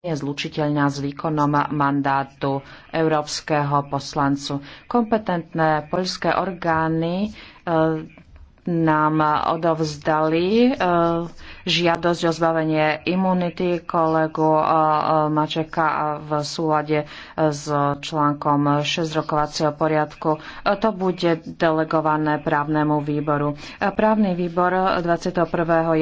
je zlučiteľná s výkonom mandátu európskeho poslancu. Kompetentné poľské orgány e, nám odovzdali e, žiadosť o zbavenie imunity kolegu e, Mačeka v súlade s článkom 6 rokovacieho poriadku. To bude delegované právnemu výboru. Právny výbor 21.